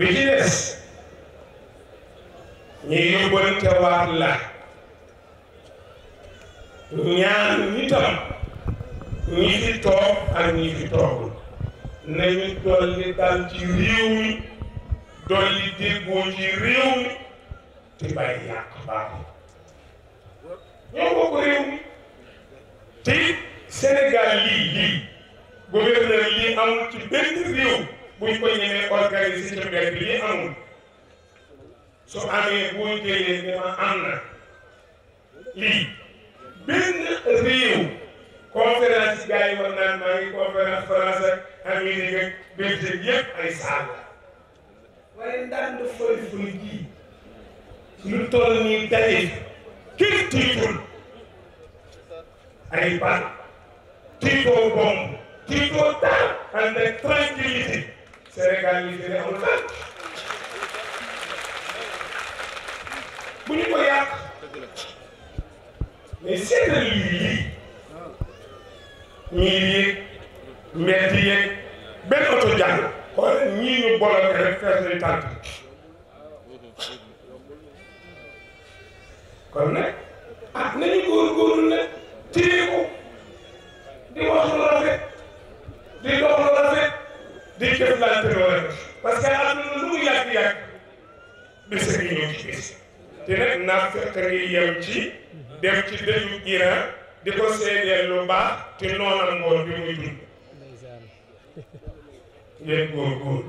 bi ci des ñu yóbbante la ñaan nitam ñi fi toog ak ñi fi toogul nañu dolli dal ci réew dolli déggoo ci réew mi te yàq baaxul ñoo bokk réew mi te Sénégal lii lii gouverneur lii amul ci benn réew bu ñu ko ñemee organiser ci mbedd bi lii amul su amee boo jëlee ne ma am na lii benn réew conférence gars yi war naan maa ngi conférence France ak Amérique ak Belgique yëpp ay saal la waaye ndaan da fëri fëri jii lu toll nii daje kenn tiitul ay bal tiitoo bomb tiitoo taal ànd ak tranquillité Sénégal yi gën a amul bu ñu ko yàq mais seetal lii lii ñii yéeg mbedd yeeg benn oto jàng xool ñii ñu bolal rek fees nañ ah, di wax lu rafet secret yam ci dem ci dëju Iran di ko seedeel lu baax te noonam ngoon bi muy dund ngeen góorgóor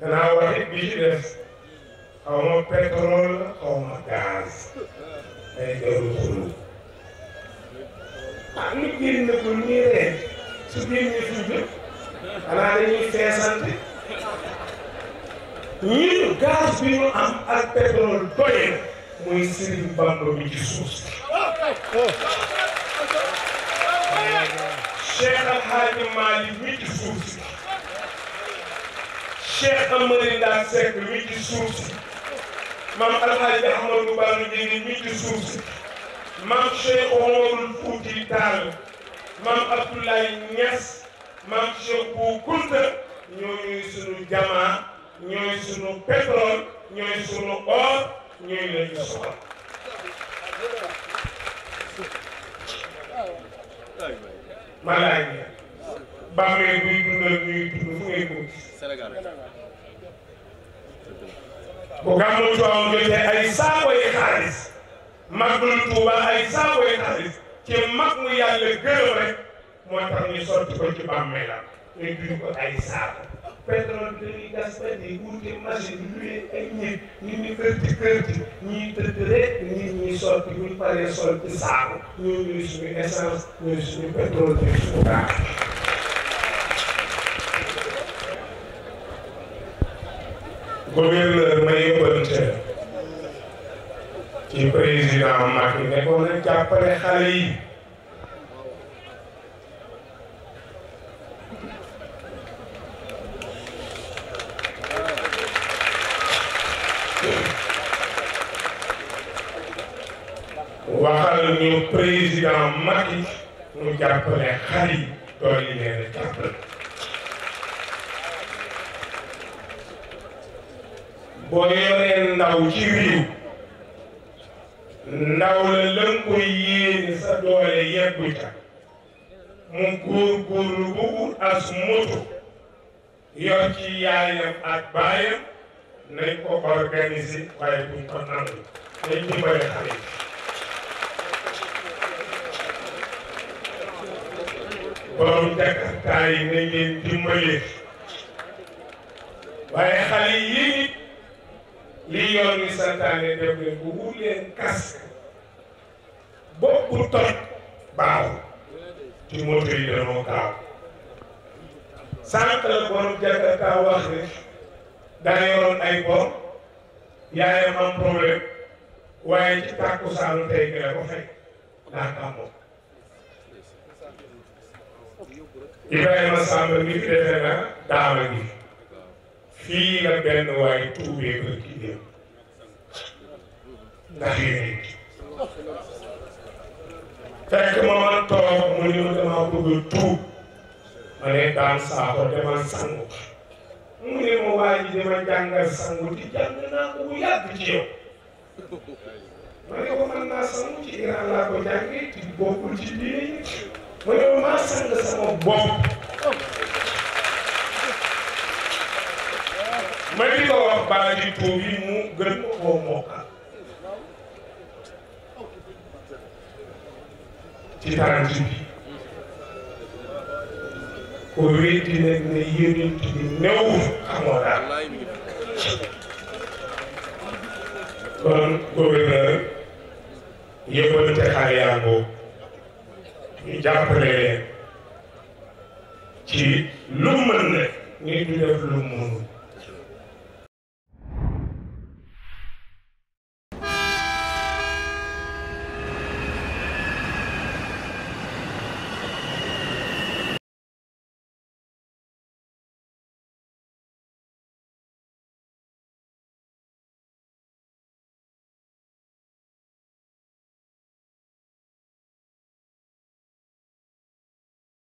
danaa waxit bi ci des xaw ma pétrole la xaw ma ay jaru xulu ah nit ñi ne ko nii rek bi ñu am ak pétrole doy muy si. Cheikh Al Hadji Malick ci suuf si. Cheikh Amary Ndack Seck mi ci suuf si. maam Al Hadji Ahmadou Bamba Ndiéguène mi ci suuf si. maam Cheikh Omarul Fouti Tall. maam Abdoulaye Niass. maam Cheikh Bou Kounta ñooñuy sunu jamaa ñooy sunu pétrole ñooy sunu or. ñooy leen di soxla ma laaj la bàmmeel buy dundal ñuy dund fu ngeen ko gis bu gàmmu Tiwaawan jotee ay saakoy xaalis màggal Tuuba ay saakoy xaalis ci mag mu yàlla gërëm rek moo tax ñu sotti ko ci bàmmeelam ñu duñ ko ay pétrole bi dañuy gaspillé wuute machine luy ay nit ñi ñu kërti kërti ñuy tëdd rek nit ñi sotti buñ paree sotti saako ñoo ñuy suñu essence ñooy suñu pétrole ñooy suñu gaz. gouverneur ma yëbalante ci président Macky nekkoon na jàppale xale yi. waxal ñu président Macky mu jàppale xar yi dolli leen jàppale boo yoree ndaw ci réew ndaw la lën ko yéene sa doole yeggu ca mu góorgóorlu bu ut as moto yor ci yaayam ak baayam nañ ko organiser waaye buñ ko nangu nañ dimbale xale yi borom jakarta yi nañ leen waaye xale yii nit yoon wi santaane def leen bu wut leen casque bopp toj baaw ci moto yi danoo gaaw sànq la borom wax ne daa yoroon ay bor yaayam am problème waaye ci tàkku saalu tey gi la ko fay ndax amoon Ibrahima Samba mi fi defe na daama ngi fii la benn waay tuubee ba kii dem ndax yéen fekk ma man toog mu ne ma damaa bëgg a tuub ma ne daan saako demal sangu mu ne ma waa ji dama jàngal sangu di jàng naa ko bu yàgg ci yow ma ne ko man naa sangu ci Iran laa ko jàngee ci bokkul ci diine yi mu ne ma maa sang sama bopp ma di ko wax baa di tuub yi mu gën ma koo mokkal ci tànk bi ko wéeti nag ne yonent bi néew xamoo daal kon gouverneur yëppante xale yaa ngoo ñu jàppale ci lu mu ne nit du def lu